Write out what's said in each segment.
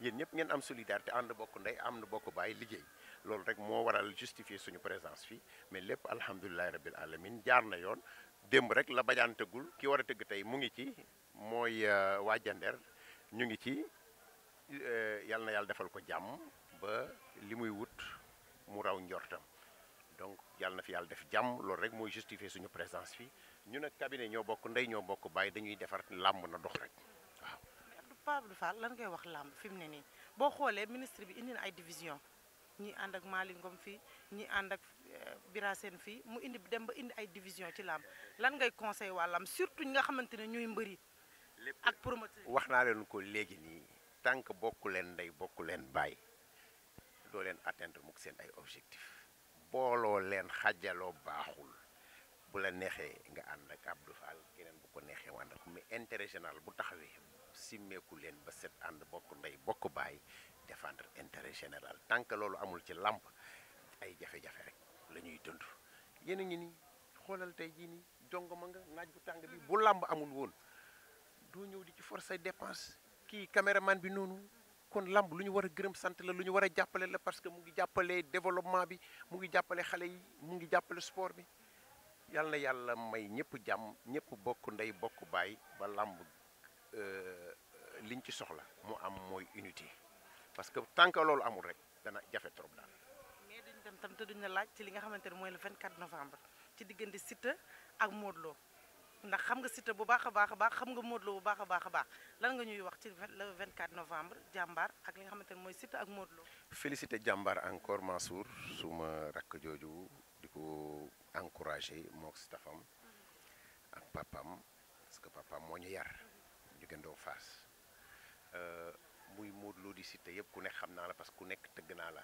yéen ñëpp ngeen am solidarité ànd bokk ndey am na bokk bàyyi liggéey loolu rek moo waral justifier suñu présence fii mais lépp alhamdulilahi rabbil alamin jaar na yoon démb rek la bajaan tëggul ki war a tëgg tey mu ngi ci mooy euh, waa Jandeer ñu ngi ci euh, yal na yàlla defal ko jàmm ba li muy wut mu raw njortam donc yàlla na fi yàlla def jàmm loolu rek mooy justifier suñu présence fii ñu ne cabinet ñoo bokk ndey ñoo bokk bàyyi dañuy defar làmb na dox rek Pape Abdou Fall lan ngay wax làmb fi mu ne nii boo xoolee ministre bi indi na ay division ñi ànd ak Malick Ngom fii ñi ànd ak eh, Bira Sène fii mu indi dem ba indi ay division ci làmb lan ngay conseil waa làmb surtout ñi nga xamante ne ñuy mbëri ak promoteur wax naa leen ko léegi nii tànk bokku leen ndey bokku leen baay doo leen atteindre muk seen ay objectif booloo leen xajaloo baaxul bu la neexee nga ànd ak Abdou Fall keneen bu ko neexee wànd mais intérêt général bu taxawee simmeeku leen ba set ànd bokk ndey bokk baay défendre intérêt général tant que loolu amul ci lamp, ay jafe-jafe rek la ñuy dund yéen a ngi ni xoolal tey jii ni jongo ma nga naaj bu tàng bi bu amul woon doo ñëw di ci forcer dépense kii caméraman bi noonu kon làmb lu ñu war a gërëm sant la lu ñu war a jàppale la parce que mu ngi jàppale développement bi mu ngi jàppale xale yi mu ngi jàppale sport bi yàlla na yàlla may ñëpp jàmm ñëpp bokk ndey bokk baay ba lamb Euh, liñ ci soxla mu am moy unité parce que tant que amul rek dana jafe trop dal mais duñ dem tam te duñ la laaj ci li nga xamanteni moy le 24 novembre ci diggante Siteu ak modlo ndax xam nga Siteu bu baaxa baaxa baax xam nga modlo bu baaxa baaxa baax lan nga ñuy wax ci le 24 novembre jambar, ak li nga xamanteni moy mooy ak modlo féliciter jambar encore Mansour suma rak joju diko encourager mok moog stafam ak papam parce que papam moo yar. diggandoo Fass euh, muy Modou Lo di Siteu yëpp ku ne xam naa la parce que ku nekk tëgg naa la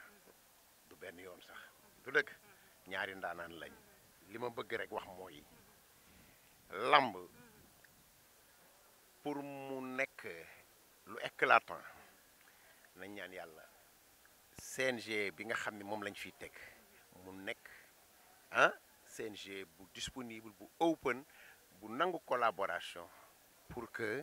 du benn yoon sax du dëgg ñaari ndaanaan lañ li ma bëgg rek wax mooy lamb pour mu nekk lu éclatant nañ ñaan yàlla CNG bi nga xam ni moom lañ fi teg mu nekk ah CNG bu disponible bu open bu nangu collaboration pour que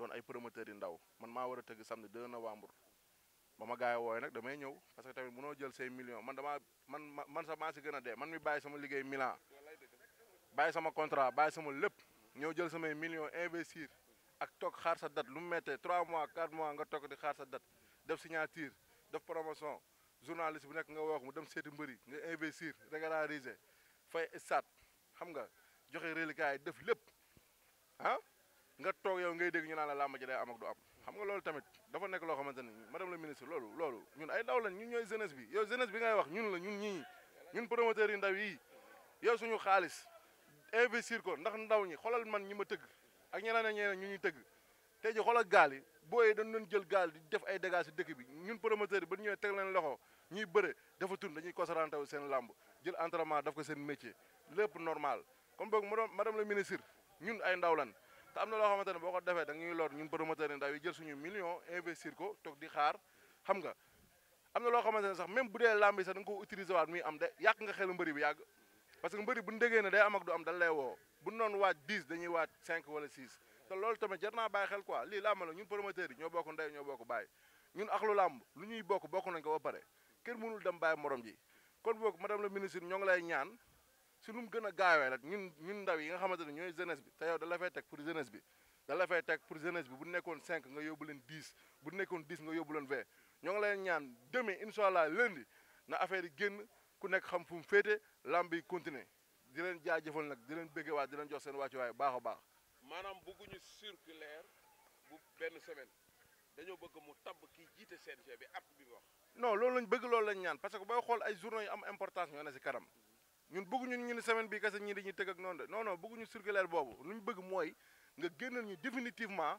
doon ay promoteurs yu ndaw man maa war a tëgg samedi 2 novembre ba ma gars yi wooye nag damay ñëw parce que tamit mënoo jël say millions man damaa man man sax maa si gën a dee man mi bàyyi sama liggéey Milan bàyyi sama contrat bàyyi sama lépp ñëw jël samay million investir ak toog xaar sa date lu mu méttee 3 mois 4 mois nga toog di xaar sa date def signature def promotion journaliste bu nekk nga wax mu dem seeti mbëri nga investir régulariser fay stat xam nga joxe reliquats yi def lépp ah nga tok yow ngay deg ñu naan la lamb ji day am ak du am xam nga loolu tamit dafa nek lo xamanteni ni madame la ministre loolu loolu ñun ay ndaw lañ ñun ñoy jeunesse bi yow jeunesse bi ngay wax ñun la ñun ñi ñun promoteur yi ndaw yi yow suñu xaaliss investir ko ndax ndaw ñi xolal man ñima ma ak ñeneen ak ñeneen ñu ñuy tëgg tay ji xolal gaal yi booy dañ doon jël gaal di def ay dégâts ci dëkk bi ñun promoteur yi ba ñëwee teg leen loxo ñuy bëre dafa tun dañuy concentré wu seen lamb jël entraînement daf ko seen métier lepp normal comme bok madame le ministre ñun ay ndaw lan te am na loo xamante ne boo ko defee da ñuy lor ñun promoteur ndaw yi jël suñu million investir ko toog di xaar xam nga am na loo xamante ne sax même bu dee lamb yi sax da nga ko utiliser waat muy am de yàq nga xel mbari bi yàgg parce que mbëri bu ndégee ne day am ak du am dañ lay woo bu noonu waaj 10 dañuy waaj 5 wala 6 te loolu tamit jar naa bàyyi xel quoi lii làmb la ñun promoteurs yi ñoo bokk ndey ñoo bokk bàyyi ñun axlu làmb lu ñuy bokk bokk nañ mënul dem bàyyi morom ji kon boog madame la ministre ngi lay ñaan si lu mu gën a gaawee rek ñun ñun ndaw yi nga xamante ne ñooy jeunesse bi te yow da la fay teg pour jeunesse bi da la teg pour jeunesse bi bu nekkoon 5 nga yóbbu leen 10 bu nekkoon 10 nga yóbbu leen 20 ñoo ngi leen ñaan demee incha allah lundi na affaire yi génn ku nekk xam fu mu féete lamb yi continuer di leen jaajëfal nag di leen béggewaat di leen jox seen wàccuwaay baax a baax. maanaam bëgguñu circulaire bu benn semaine dañoo bëgg mu tabb kii jiite CNG bi at bi wax. non loolu lañ bëgg loolu ñaan parce que booy xool ay am importance ñoo ne si kanam. ñun bëgguñu ñu ne semaine bi kese ñi dañuy tëgg ak noonu de non non bëgguñu circulaire boobu lu ñu bëgg mooy nga génna ñu définitivement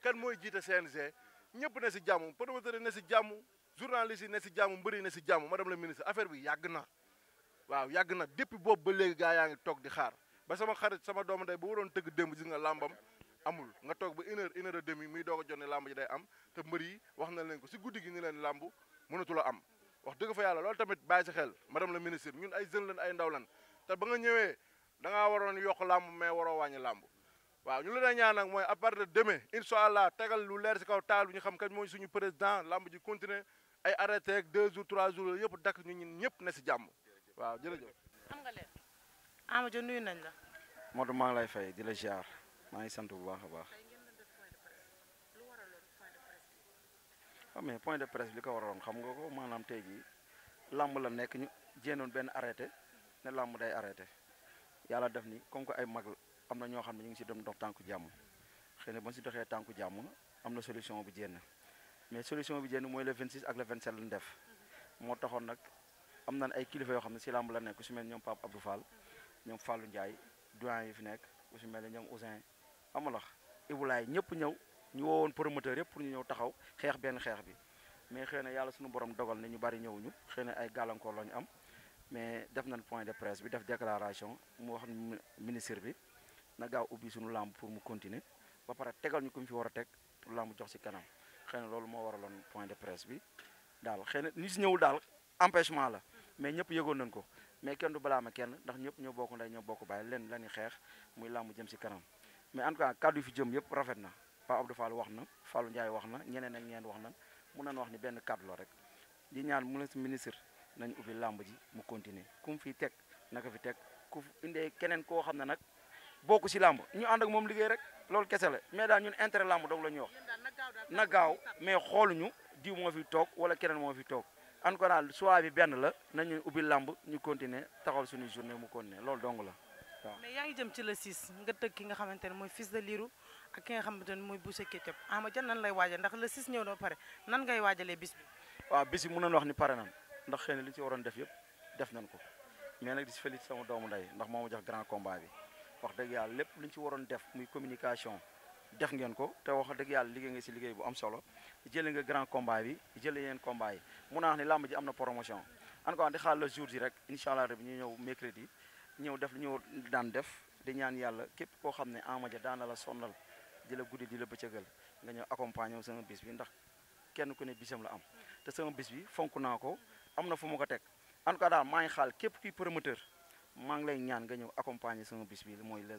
kan mooy jiite CNG ñëpp ne si jàmm promoteur ne si jàmm journaliste yi ne si jàmm mbër yi ne si jàmm madame la ministre affaire bi yàgg na waaw yàgg na depuis boobu ba léegi gaa yaa ngi toog di xaar ba sama xarit sama doomu day bu waroon tëgg démb gis nga làmbam amul nga toog ba une heure une heure et demie muy doog a jot ne làmb ji day am te mbër yi wax na leen ko si guddi gi ni leen làmb mënatula am wax dëgg fa yàlla loolu tamit bàyyi si xel madame la ministre ñun ay jeunes lan ay ndaw lan te ba nga ñëwee da ngaa waroon yokk lamb mais waroo wàññi làmb waaw ñu la day ñaan nag mooy à partir de demain incha allah tegal lu leer si kaw taal bi ñu xam kañ mooy suñu président làmb ji continuer ay arrêté ak deux jours trois jours yëpp dakk ñu ñun ñëpp ne si jàmm waaw jërëjëf. am nga leen Amadou nuyu la. Modou maa ngi lay fay di la ziar maa ngi sant bu baax a baax. waaw ah, mais point de presse li ko waraloon xam nga ko maanaam tey jii làmb la nekk ñu jéenoon benn arrêté ne làmb day arrêté yàlla def ni comme que ay mag am na ñoo xam ne ñu ngi si dem dox tànku jàmm xëy na ba ñu si doxee tànku jàmm am na solution bu jénn mais solution bi jénn mooy le 26 ak le 27 lañ def moo taxoon nag am na ay kilifa yoo xam ne si làmb la nekk ku si mel ñoom Pape Abdou Fall ñoom Fallou njaay doyen yi fi nekk ku si mel ne ñoom Ousin Amalax Ibulaay ñëpp ñëw. ñu woowoon promoteur yëpp pour ñu ñëw taxaw xeex benn xeex bi mais xëy na yàlla suñu borom dogal na ñu bari ñëwuñu xëy na ay gàllankoor la ñu am mais def nañ point de presse bi def déclaration mu wax ministre bi na gaaw ubbi suñu làmb pour mu continuer ba pare tegal ñu ko mu fi war a teg làmb jox ci kanam xëy na loolu moo waraloon point de presse bi daal xëy na ñi si ñëwul daal empêchement la mais ñëpp yëgoon nañ ko mais kenn du ma kenn ndax ñëpp ñëw bokk ndey ñëw bokk bàyyi leen lañu xeex muy làmb jëm si kanam mais en tout cas kàddu fi jëm yëpp rafet na Pa Abdou Fall wax na Fallou Ndiaye wax na ñeneen ak ñeneen wax na mun nañu wax ni benn kàddu la rek di ñaan mu si ministre nañ ubbi làmb ji mu continuer ku fi teg naka fi teg ku indee keneen koo xam ne nag bokku si làmb ñu ànd ak moom liggéey rek loolu kese la mais daal ñun intérêt lamb doom la ñuy wax na gaaw mais xooluñu diw moo fi toog wala keneen moo fi toog encore daal choix bi benn la nañu ubbi làmb ñu continuer taxaw sunu journée mu continuer loolu dong la waaw. mais yaa ngi jëm ci le 6 nga tëgg nga xamante ne mooy fils de Lirou ak ki nga xamante ne mooy Boucher Ketchup Ama Dia nan lay waajal ndax le 6 pare nan ngay waajalee bis bi waaw bis bi mën wax ni pare nan ndax xëy li ñu ci waroon def yëpp def nañ ko mais nag di félicité sama doomu nday ndax moo jox grand combat bi wax dëgg yàlla lépp lu ci def muy communication def ngeen ko te wax dëgg yàlla liggéey nga si liggéey bu am solo jële nga grand combat bi jële yeen combat yi mun naa wax ni làmb ji am na promotion an ko di xaar le jour ji rek incha allah rabi ñu ñëw mercredi ñëw def lu ñu daan def di ñaan yàlla képp koo la sonnal di la guddi di la bëccëgal nga ñëw accompagner wu bis bi ndax kenn ku ne bisam la am te sama bis bi fonk naa ko am na fu ma ko teg en ka cas daal maa ngi xaal képp kuy promoteur maa ngi lay ñaan nga ñëw accompagner sama bis bi mooy le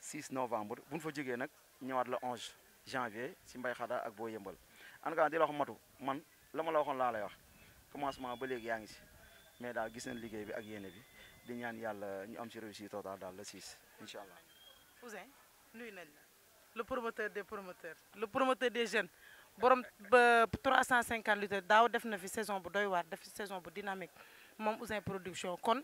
6 novembre bu ñu fa jógee nag ñëwaat la 11 janvier si mbay xadaa ak boo yëmbal en tout cas di la wax matu man la ma la waxoon laa lay wax commencement ba léegi yaa ngi si mais daal gis nañ liggéey bi ak yéene bi di ñaan yàlla ñu am si réussite totale daal le 6 incha allah. le promoteur des promoteurs le promoteur des jeunes borom 350 litres, daw def na fi saison bu doy waar def fi saison bu dynamique Mom Ouzin production kon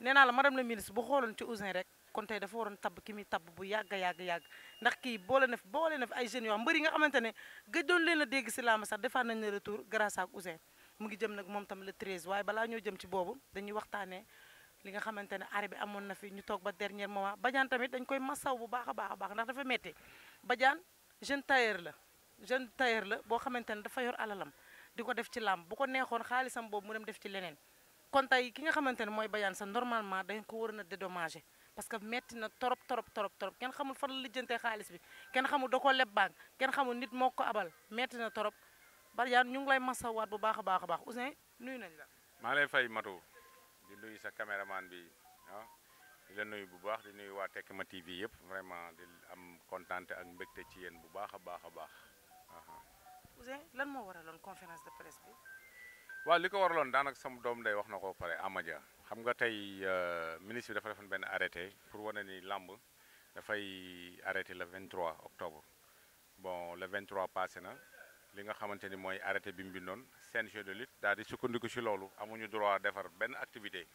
nee la madame le ministre bu xolone ci Ouzin rek kon tay dafa woron tab ki mi tab bu yag yag yag. ndax ki boole na fi boole na fi ay jeune yo xam mbër nga xamantene ne gëjoon leen a dégg si laama sax defaat nañ le retour grâce ak Ouzin mu ngi jëm nak mom tam le 13 waaye bala ñoo jëm ci bobu dañuy waxtane li nga xamantene ne amon na fi ñu tok ba dernier moment badian tamit dañ koy massaw bu baaxa baaxa baax ndax dafa métti badian jeune tailleur la jeune tailleur la bo xamantene dafa yor alalam diko def ci làmb bu ko neexon xalisam boobu mu dem def ci leneen kon tay ki nga xamantene moy badian sa normalement dañ ko wërna a dédommagé parce que métti na torop torop torop torop ken xamul fa la lijjantee xaalis bi ken xamul dako koo leb banque kenn xamul nit moko abal métti na torop badian ñu ngi lay masawaat bu baaxa baaxa baax a baax nuyu nañ la. maa lay fay Matou. di nuyu sa caméraman bi ah di la nuyu bu baax di nuyu waa Tekma TV yëpp vraiment di am kontante ak mbégte ci yéen bu baax a baax a baax. Ouzin lan moo waraloon conférence de presse bi. waa li ko waraloon daanaka sama doom day wax na ko pare Amadia xam nga tey euh, ministre bi dafa defoon benn arrêté pour wane ni làmb dafay arrêté le 23 octobre bon le 23 passé na. li nga xamante ni mooy arrêté bi mu bindoon CNG de lutte daal di sukkandiku ci loolu amuñu droit defar benn activité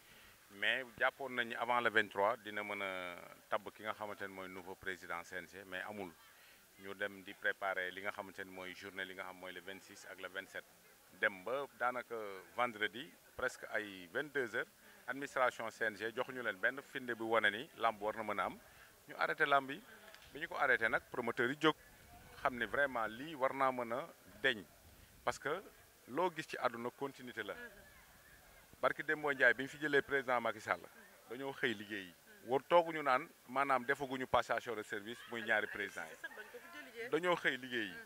mais jàppoon nañ avant le 23 dina mën a tabb ki nga xamante ni mooy nouveau président CNG mais amul ñu dem di préparer li nga xamante ni mooy journée li nga xam mooy le 26 ak le 27. dem ba daanaka vendredi presque ay 22 heures administration CNG ñu leen benn finde bu wane ni lamb war na mën a am ñu arrêté lamb yi bi ñu ko arrêté nag promoteur yi jóg xam ni vraiment lii war naa mën a. deñ parce que loo gis ci àdduna continuité la barki dem Ndiaye bi ñu fi jëlee président Macky Sall dañoo xëy liggéey yi war tooguñu naan maanaam defaguñu passation de service muy ñaari président yi dañoo xëy liggéey yi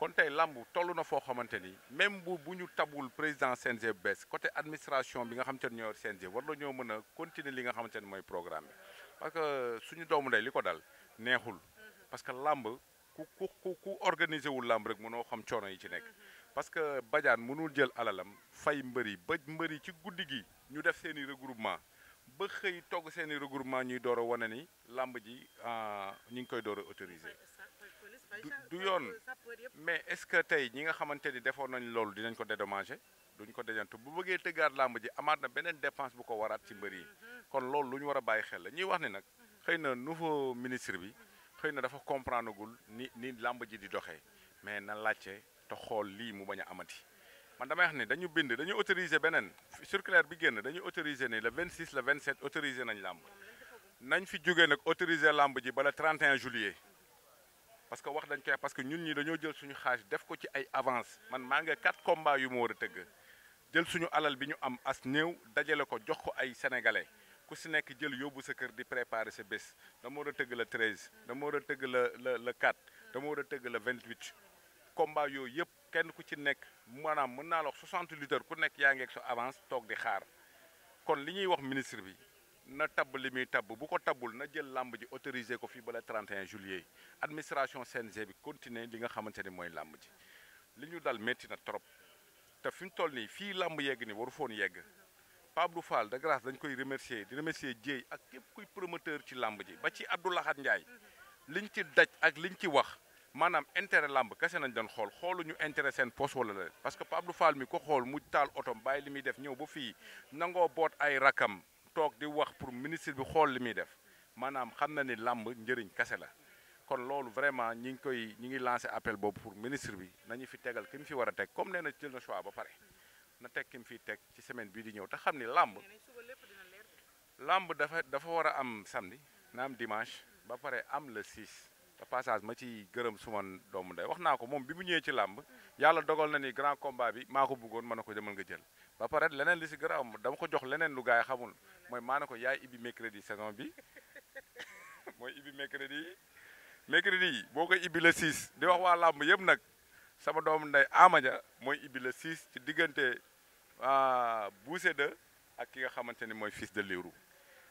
kon tey làmb toll na foo xamante ni même bu bu ñu tabul président CNG bu bees côté administration bi nga xamante ni ñoo yor war la mën a continuer li nga xamante ni mooy programme bi parce que suñu doomu ndey li ko dal neexul parce làmb ku ku ku organiser wul làmb rek mënoo xam coono yi ci nekk parce que Badiane mënul jël alalam fay mbëri ba mbëri ci guddi gi ñu def seen i regroupement ba xëy togg seen i regroupement ñuy door a wane ni làmb ji ah, ñu ngi koy door a autorisé du yoon mais est-ce que tey ñi nga xamante ni defoon nañ loolu dinañ ko dédommagé duñ ko déjantu bu bëggee tëggaat làmb ji amaat na beneen dépense bu ko waraat ci mbëri yi kon loolu lu ñu war a bàyyi xel la ñuy wax ni nag xëy na nouveau ministre bi xëy na dafa comprendre gul ni ni làmb ji di doxee mais na laajte te xool lii mu bañ a amati man damay wax ni dañu bind dañu autoriser beneen circulaire bi génn dañu autoriser ni le 26 le 27 autoriser nañ làmb nañ fi jógee nag autoriser làmb ji ba le 31 juillet parce que wax dañ koy parce que ñun ñi dañoo jël suñu xaaj def ko ci ay avance man maa nga quatre combats yu mu war a tëgg jël suñu alal bi ñu am as néew dajale ko jox ko ay sénégalais ku si nekk jël yóbbu sa kër di préparer sa bés dama war a tëgg la 13 dama war a tëgg la la la 4 dama war a tëgg la 28 combat yooyu yëpp kenn ku ci nekk maanaam mën naa la wax 60 lutteurs ku nekk yaa ngi ak sa avance toog di xaar kon li ñuy wax ministre bi na tab li muy tabb bu ko tabul na jël làmb ji autorisé ko fii ba le 31 juillet administration CNG bi continuer li nga xamante ni mooy làmb ji li ñu dal métti na trop te fu mu toll nii fii làmb yegg ni waru foon yegg Pape Abdou Fall de grâce dañ koy remercier di remercier Dieye ak képp kuy promoteur ci làmb ji ba ci Abdou njaay li ñu ci daj ak li ñu ci wax maanaam intérêt làmb kese nañ doon xool xooluñu intérêt seen poche wala la parce que Pape Abdou Fall mi ko xool mu taal otom bàyyi li muy def ñëw ba fii nangoo boot ay rakam toog di wax pour ministre bi xool li muy def maanaam xam na ni làmb njëriñ kase la kon loolu vraiment ñi ngi koy ñi ngi lancé appel boobu pour ministre bi nañu fi tegal ki mu fi war a teg comme nee na jël na choix ba pare na teg ki mu teg ci semaine bii di ñëw te xam ni làmb làmb dafa dafa war a am samedi na am dimanche ba pare am le 6 te passage ma ci gërëm suma doomu ndey wax naa ko moom bi mu ñëwee ci làmb yàlla dogal na ni grand combat bi maa ko buggoon mën na ko demal nga jël ba pare leneen li si garaaw dama ko jox leneen lu gars yi xamul mooy maa ne ko yaay ibi mercredi saison bi mooy ibi mercredi yi mercredi yi boo koy ibi le 6 di wax waa làmb yëpp nag sama doomu ndey Amadia mooy ibbi la 6 ci diggante ah, bu 2 ak ki nga xamante ni mooy fils de Lirou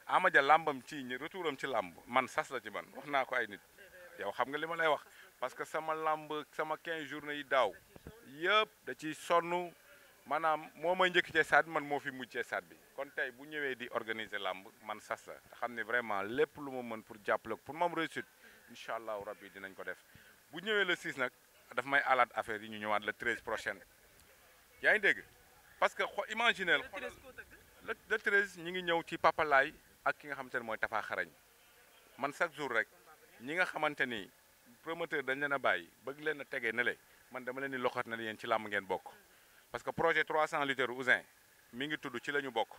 amaja làmbam ci ñi retouram ci làmb man sas la ci man wax naa ko ay nit yow xam nga li ma lay wax parce que sama làmb sama 15 journée yi daaw yëpp da ciy sonn maanaam moo may njëkk cee saat bi man moo fi mujj cee saat bi kon tey bu ñëwee di organiser làmb man sas la xam ne vraiment lépp lu ma mën pour jàppale ko pour moom réussite incha allahu rabbi dinañ ko def bu ñëwee le 6 nag. daf may alaat affaire yi ñu ñëwaat le treize prochaine yaa ngi dégg parce que xo imaginel xoolal le treize ñi ngi ñëw ci papalaay ak ki nga xamante ne mooy tafaa xarañ man chaque jour rek ñi nga xamante ni promoteur dañ leen a bàyyi bëgg leen a tegee ne le man dama leen di loxoot na leen ci làmb ngeen bokk parce que projet 300 lutteurs Ousin mi ngi tudd ci la ñu bokk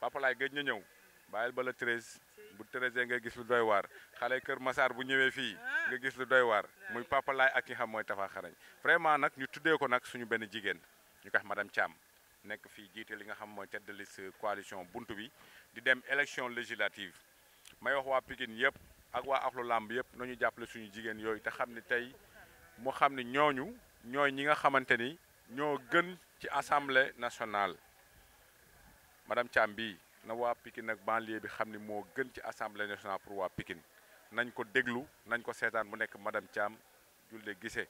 papalaay gëj na ñëw bàyyil ba la 13 bu treize nga gis lu doy war xalé keur massar bu ñëwé fi nga gis lu doy war muy Papa lay ak ki xam moy Tafa Xarañ vraiment nak ñu tuddé ko nak suñu benn jigen ñu koy madame cham nek fi jiite li nga xam moy tête coalition buntu bi di dem élection législative may wax wa Pikine yépp ak wa akhlu lamb yépp nañu jappalé suñu jigen yoy té xamni tay tey mu xam ne ñooñu ñooy ñi nga xamante ni ñoo gën ci assemblée nationale madame cham bi na waa Pikine ak banlieue bi xam ni moo gën ci assemblée nationale pour waa pikin nañ ko déglu nañ ko seetaan bu nekk madame Thiam Julde gisee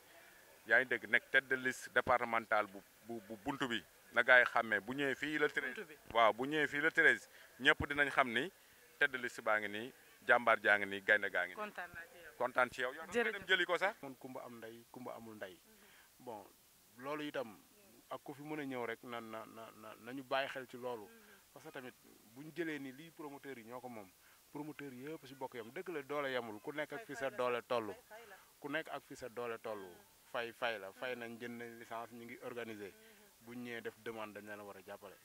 yaa ngi dégg nekk tedd de liste départementale bu bu bu bi na gars yi xàmmee bu ñëwee fii le treize waaw bu ñëwee fii le treize ñëpp dinañ xam ni tête de baa ngi nii jàmbaar jaa ngi nii gaynde gaa ngi nii kontaan ci yow yow dem jëli ko sax moon kumba am ndey kumba amul ndey mhm. bon loolu itam ak ku fi mën a ñëw rek na na na na nañu bàyyi xel ci loolu mhm. parce que tamit bu ñu jëlee ni lii promoteur yi ñoo ko moom promoteur yëpp si bokk yam dëgg la doole yamul ku nekk fi sa doole toll ku nekk ak fi sa doole toll fay fay la mm-hmm. fay mm-hmm. nañ jënd nañ licence ñu ngi organiser mm-hmm. bu ñu ñëwee def demande dañ leen war a jàppale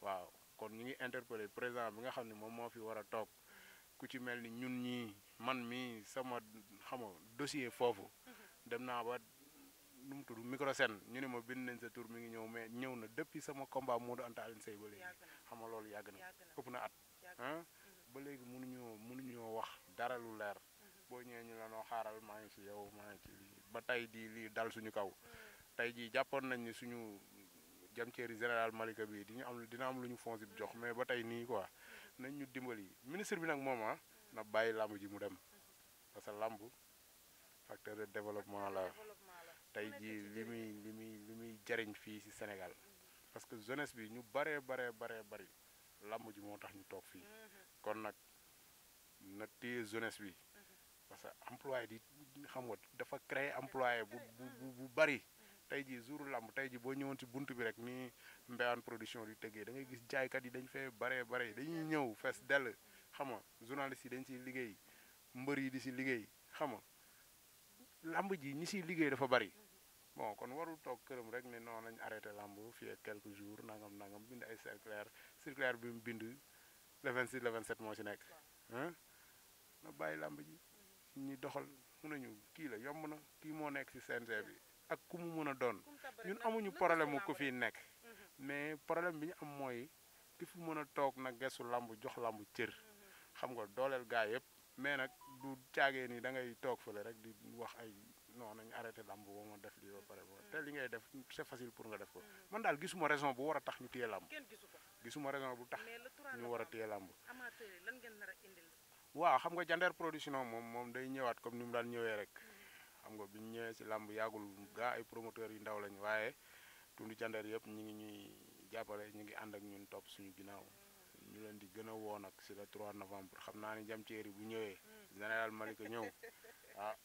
waaw kon ñu ngi interpellé président bi nga xam ne moom moo fi war a toog ku ci mel ni ñun ñii man mii sama xam nga dossier foofu dem naa ba nu mu tudd microsène ñu ne ma bind nañ sa tur mi ngi ñëw mais ñëw na depuis sama combat Modou Anta Alioune Seye ba xam nga loolu yàgg na ëpp na at mhm. ba léegi mënuñoo mënuñoo wax dara lu leer mhm. boo ñëwee ñu la noo xaaral maa ngi ci yow maa ci ba tey di lii dal suñu kaw mhm. tey jii jàppoon nañ ni suñu jamteeri général Malika bi di ñu am dina am lu ñu fonds bi jox mais ba tey nii quoi nañ ñu dimbali ministre bi nag moom ah na bàyyi làmb ji mu dem parce que làmb facteur de développement la tey ji li muy li muy li muy jariñ fii ci Sénégal parce que jeunesse bi ñu baree baree baree bari làmb ji moo tax ñu toog fii mm-hmm. kon nag na téye jeunesse bi mm-hmm. parce que employé di xam nga dafa créer employé bu mm-hmm. bu bari tey jii jour làmb tey jii boo ñëwoon ci bunt bi rek nii Mbéyane production di tëggee da ngay gis jaaykat yi dañ fee baree bare dañuy ñëw fees dell xam nga journaliste yi dañ ciy liggéey mbër yi di si liggéey xam nga làmb ji ñi ciy liggéey dafa bari bon kon warul toog këram rek ne noonu lañ arrêté lamb fii ak quelques jour nangam nangam bind ay circulaire circulaire bi mu bind le 26 le 27 moo ci nekk na bàyyi lamb ji ñi doxal mun nañu kii la yomb na kii moo nekk ci CNG bi ak ku mu mën a doon ñun amuñu problème mu ku fi nekk mhm. mais problème bi ñu am mooy ki fu mën a toog nag gesu lamb jox lamb cër mhm. xam nga dooleel gaa yëpp mais nag du caagee nii da ngay toog fële rek di wax ay non nañ arrêté lamb bo mo def li ba paré bo mm. té li ngay def c'est facile pour nga def ko man dal gisuma raison bu wara tax ñu tiyé lamb gisuma raison bu tax ñu wara tiyé lamb amateur lan ngeen nara indil wa xam nga jandeer production mom mom day ñëwaat comme ni dal ñëwé rek mm. xam nga biñ ñëwé ci lamb yagul ga ay promoteur yu ndaw lañ wayé tundu jandeer yépp ñi ngi ñuy jappalé ñi ngi and ak ñun top suñu ginaaw mm. ñu leen di gëna wo nak ci le 3 novembre xam naa ni jam ci bu ñëwé général malika ñëw ah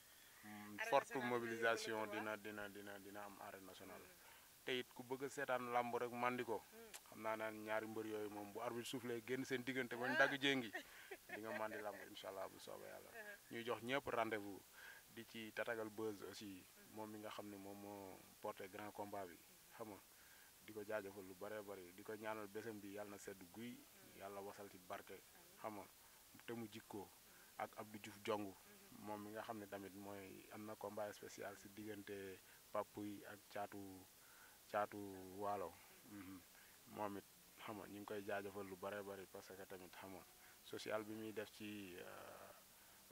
Mm, forte mobilisation dina dina dina dina am arène national te it ku bëgg seetaan làmb rek mandi ko mm. xam naa naan ñaari mbër yooyu moom bu arbitre soufflé génn seen diggante ba ñu dagg ngi di nga mandi làmb incha bu soobee yàlla uh-huh. ñuy jox ñëpp rendez-vous di ci tatagal buzz aussi moom mi nga xam ne moom moo porté grand combat bi xam di ko jaajëfal lu bëree bëri di ko ñaanal bésam bi yàlla na sedd guy mm. yàlla wasal ci barke xam nga te mu jikkoo ak Abdou Diouf moom mi nga xam ne tamit mooy am na combat spécial si diggante Papouy ak caatu caatu waalo mhm. moom it xam nga ñu ngi koy jaajëfal lu bare bari parce que tamit xam nga social bi muy def ci euh,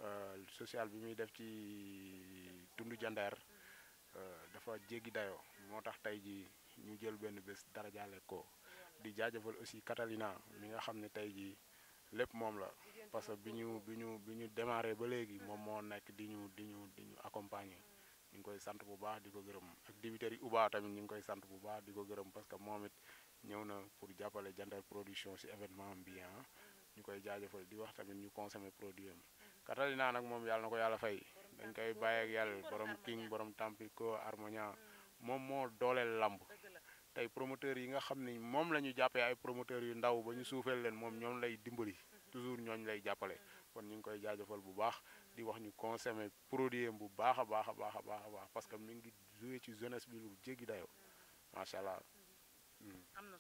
euh, social bi muy def ci tund jandeer euh, dafa jéggi dayo moo tax tey ji ñu jël benn bés dara jaale ko di jaajëfal aussi Catalina mi nga xam ne tey ji lépp moom la parce que bi ñu bi ñu bi ñu démarré ba léegi moom moo nekk di ñu di ñu di ñu accompagner ñu ngi koy sant bu baax di ko gërëm ak di dibiteurs yi Uba tamit ñu ngi koy sant bu baax di ko gërëm parce que moom it ñëw na pour jàppale Jantal production si événement bi ah. ñu koy jaajëfal di wax tamit ñu consommer produit am Catalina nag moom yàlla na ko yàlla fay dañ koy bàyyi ak yàlla borom King borom Tampico Harmonia moom moo dooleel lamb tey promoteurs yi nga xam ni moom la ñu jàppee ay promoteurs yu ndaw ba ñu suufee leen moom ñoom lay dimbali toujours ñooñ lay jàppale kon ñu ngi koy jaajëfal bu baax di wax ñu consommer produit am bu baax a baax a baax a baax a baax parce que mi ngi joué ci jeunesse bi lu jéggi dayoo macha allah. Hmm.